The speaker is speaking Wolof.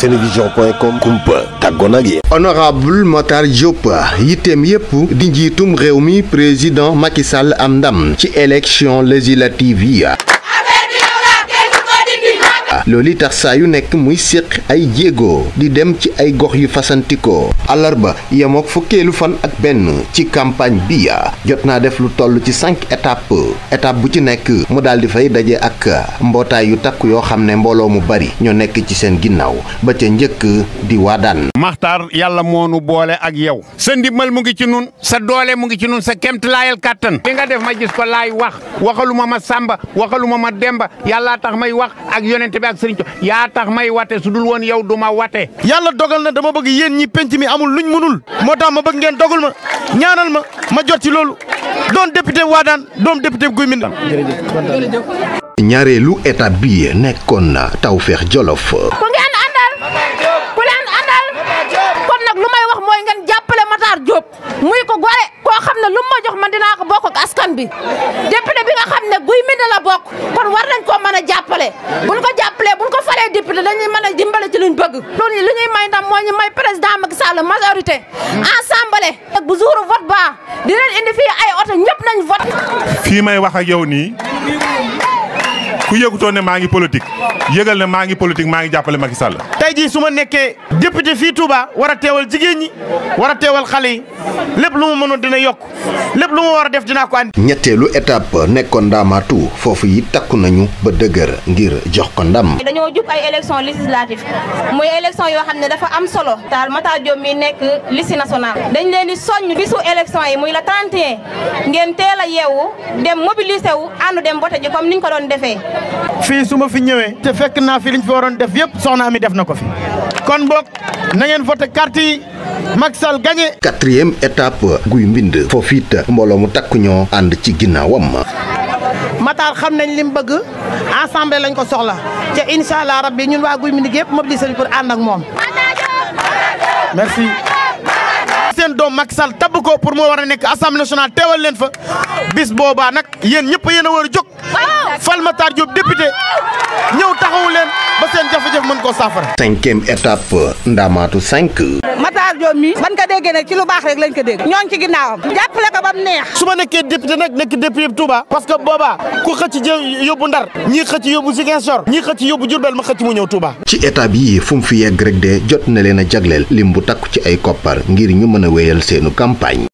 senevision.com kumpa ak honorable Matar Diop yitem yep di njitum rewmi président Makissal Amdam, am ndam ci élection législative loli tax saa yu nekk muy ay di dem ci ay gox yu fasantikoo alarba yemook fukkeelu fan ak benn ci campagne biya jot def lu toll ci cinq étape étape bu ci nekk mu di fay daje ak mbootaay yu takk yoo xam ne mbooloo mu bari ñoo nekk ci seen ginnaaw ba ca njëkk di wadan maktar yàlla moonu boole ak yow sa ndimbal mu ngi ci nun sa doole mu ngi ci nun sa kemt laayal kàttan li nga def ma gis ko laay wax waxaluma ma sàmba waxaluma ma demba yàlla tax may wax ak bi ak Serigne Touba tax may wate sudul won yow duma waté yalla dogal na dama bëgg yeen ñi penc mi amul luñ mënul moo tax ma bëgg ngeen dogal ma ñaanal ma ma jot ci lolu doon député Wadane doon député Guy Mbind. lu état bi nekkon na Tawfekh Jolof. ku ngeen andal ko lan andal kon nak lu may wax moy ngeen jappalé Matar job muy ko gore ko xam lu ma jox man dina ko bokk ak askan bi. ne guy mi bokk kon war nañ koo mën a jàppale buñ ko jàppalee buñ ko falee député dañuy mën a dimbale ci luñ bëgg loolu li ñuy may ndam moo ñu may président Macky Sall majorité sambale ak bu jour vote ba di leen indi fii ay oto ñëpp nañ vote fii may wax ak yow nii ku yëgutoon ne maa ngi politique yëgal ne maa ngi politique maa ngi jàppale Macky Sall. tey jii su ma nekkee député fii Touba war a teewal jigéen ñi war a teewal xale yi lépp lu ma mënoon dina yokk lépp lu ma war a def dinaa ko andi. ñetteelu étape nekkoon ndaamaatu foofu yi takku nañu ba dëgër ngir jox ko ndam. dañoo jub ay élection législative muy élection yoo xam ne dafa am solo. taal Matar Diop mi nekk liste nationale. dañ leen di soññ bisu yi muy la 31 ko doon defee. fi suma fi ñëwé té fekk na fi liñ fi waron def yépp soxna mi def nako fi kon bok na ngeen voté carte yi Macky Sall gagné quatrième étape guy mbind foofu it mbooloo mu takku ño and ci ginnawam Matar xamnañ lim bëgg ensemble lañ ko soxla te inshallah rabbi ñun wa guy mbind yëpp mobilisé pour and ak moom merci seen doom Macky Sall ko pour mu war a nekk assemblée nationale teewal leen fa bis boobaa nag yéen ñëpp yéen a war a jóg fal Matar Diop député ñëw taxawu leen ba seen jafe-jafe mën koo saafara. cinquième étape Ndamatou 5. Matar Diop mi ban ko déggee nag ci lu baax rek lañ ko dégg ñoo ngi ci ginnaawam jàppale ko ba mu neex su ma nekkee député nag nekk député Touba parce que booba ku xëcc jë yóbbu Ndar ñii xëcc yóbbu Ziguinchor ñii xëcc yóbbu Diourbel ma xëcc mu ñëw Touba ci état bi fu mu fi yegg rek de jot na leen a jagleel lim bu takku ci ay koppar ngir ñu mën a wéyal seenu campagne